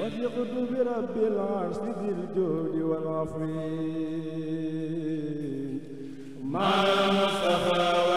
وثقت برب العرش ذي الجود والعفو مع المصطفى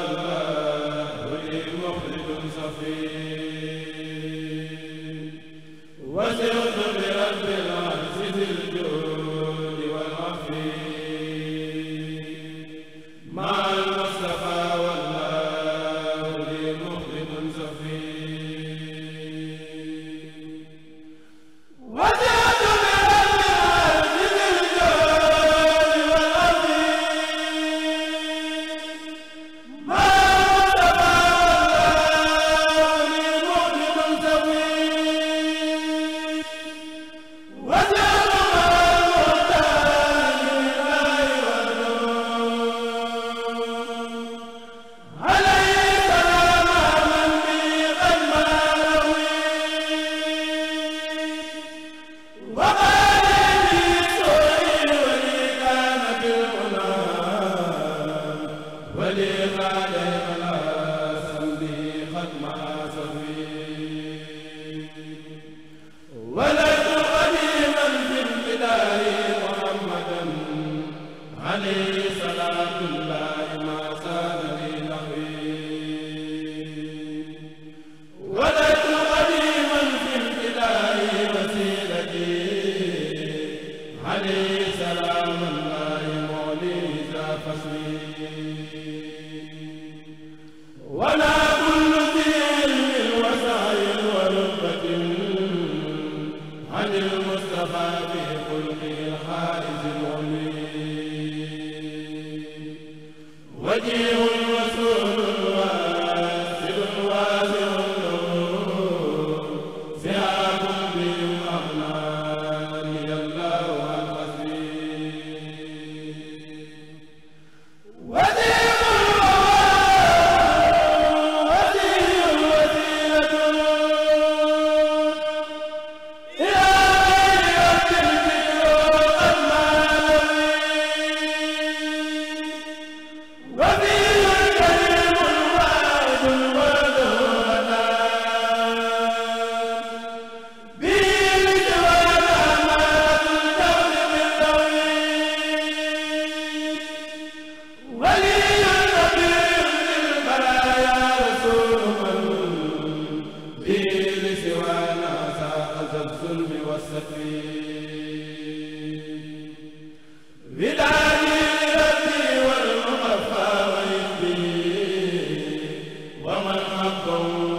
akbar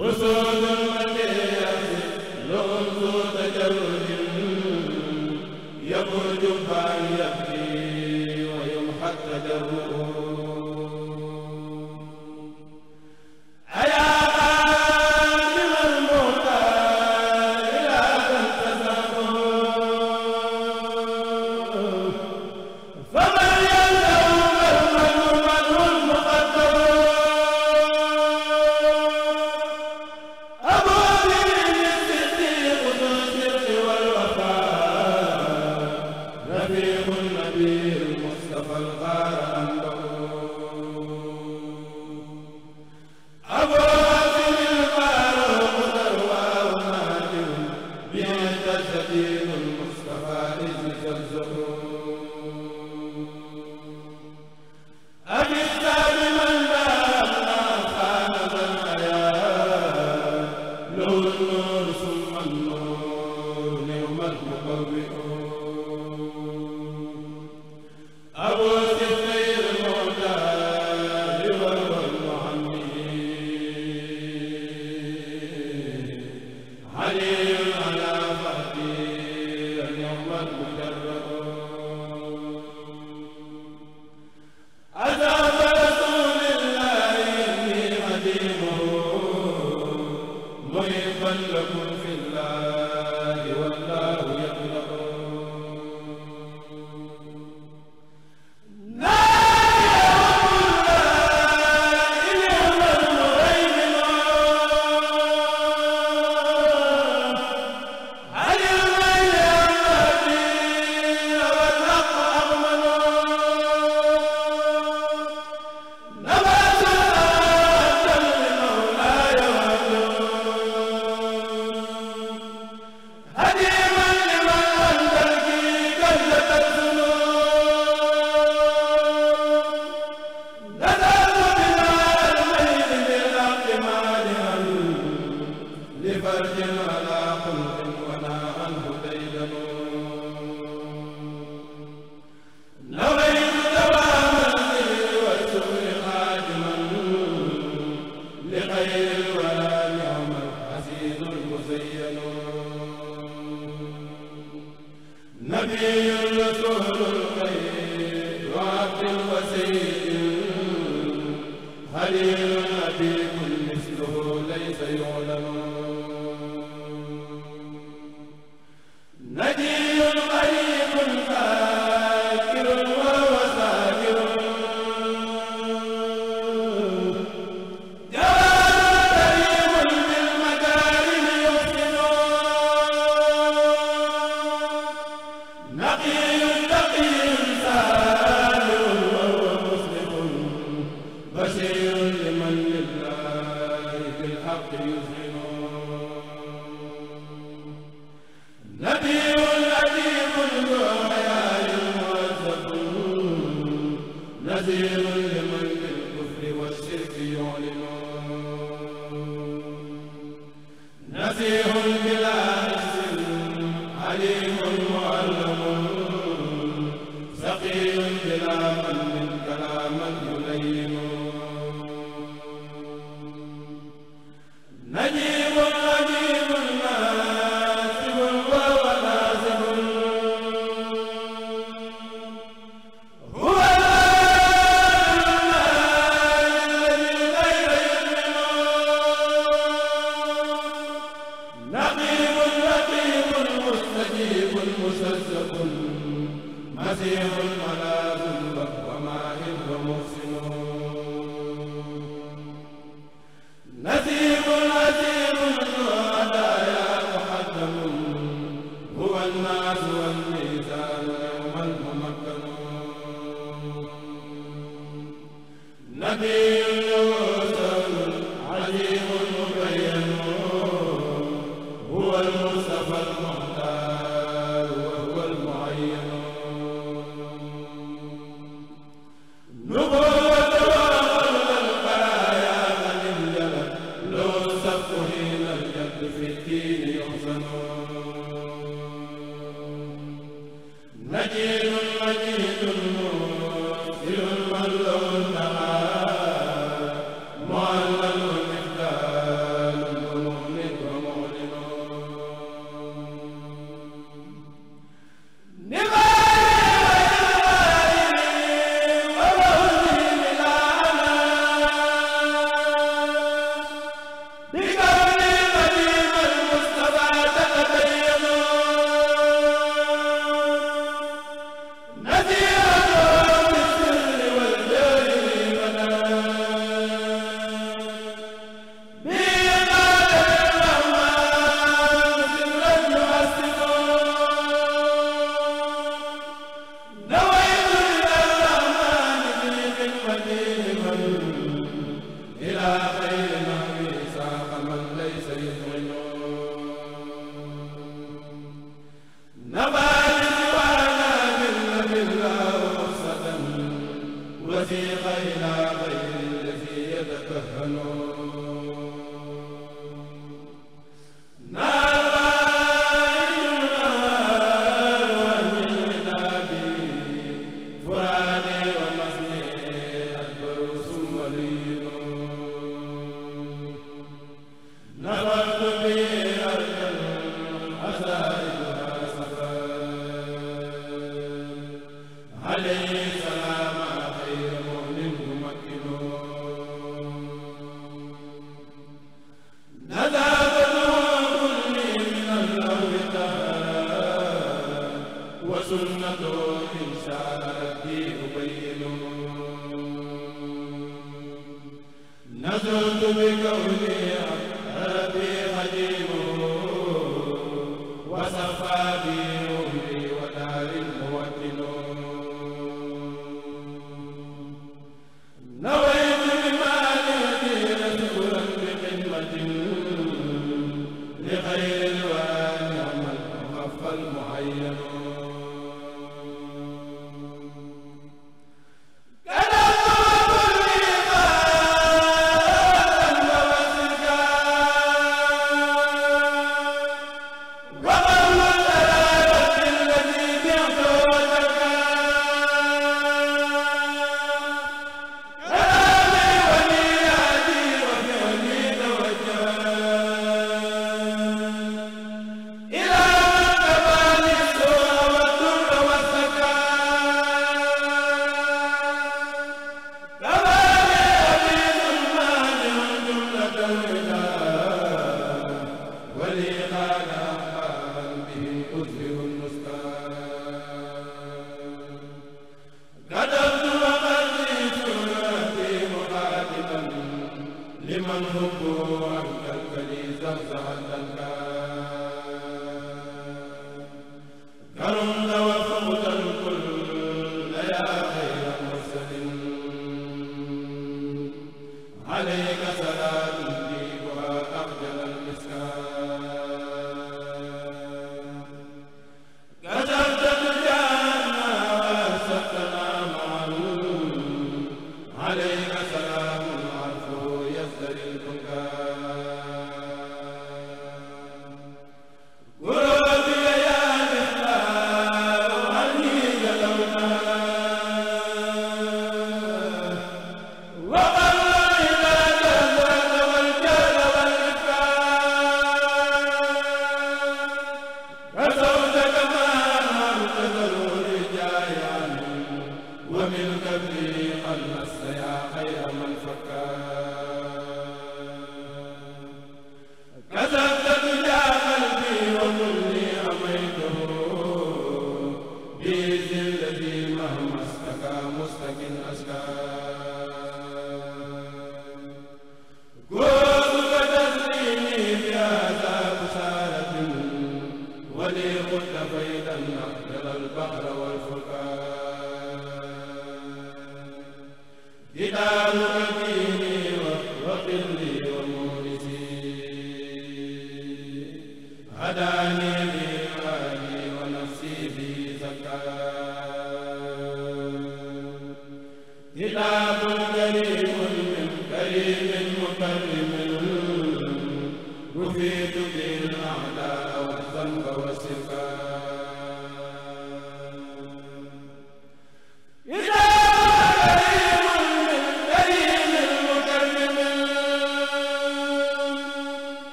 wa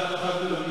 xadd xadd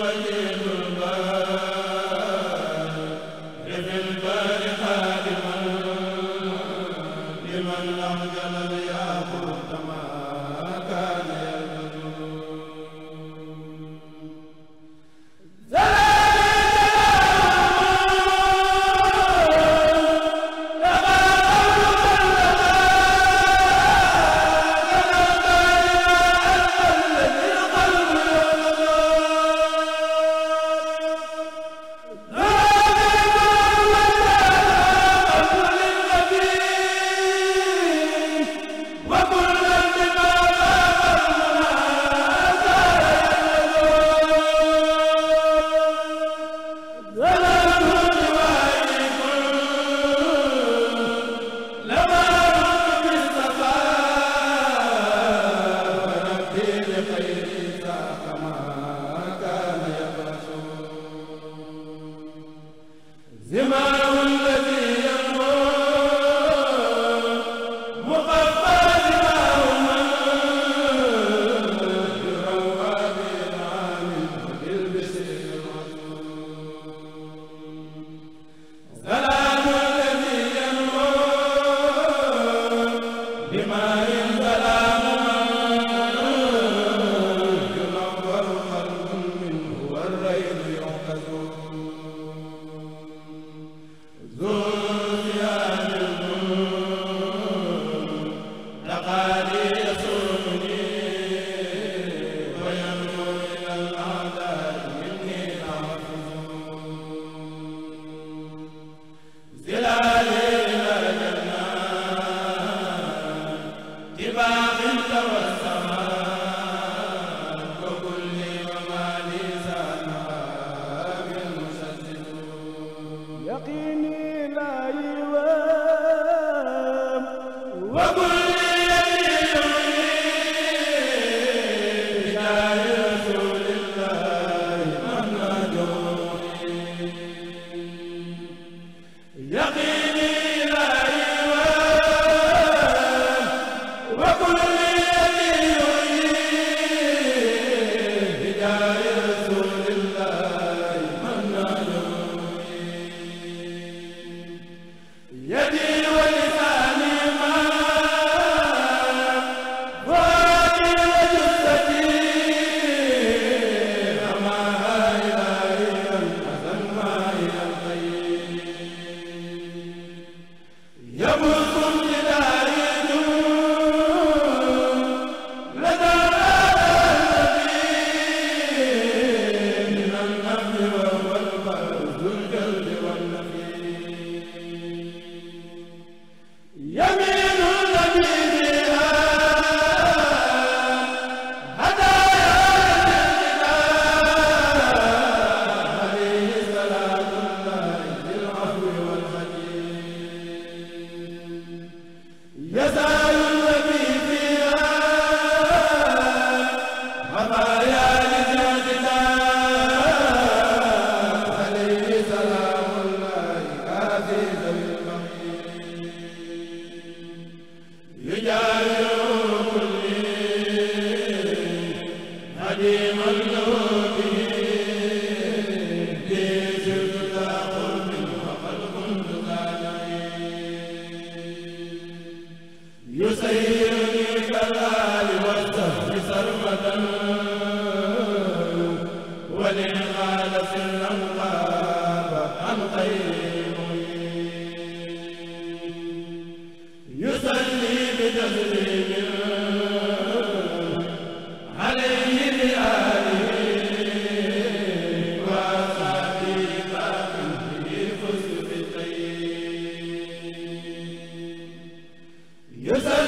wa Yes sir.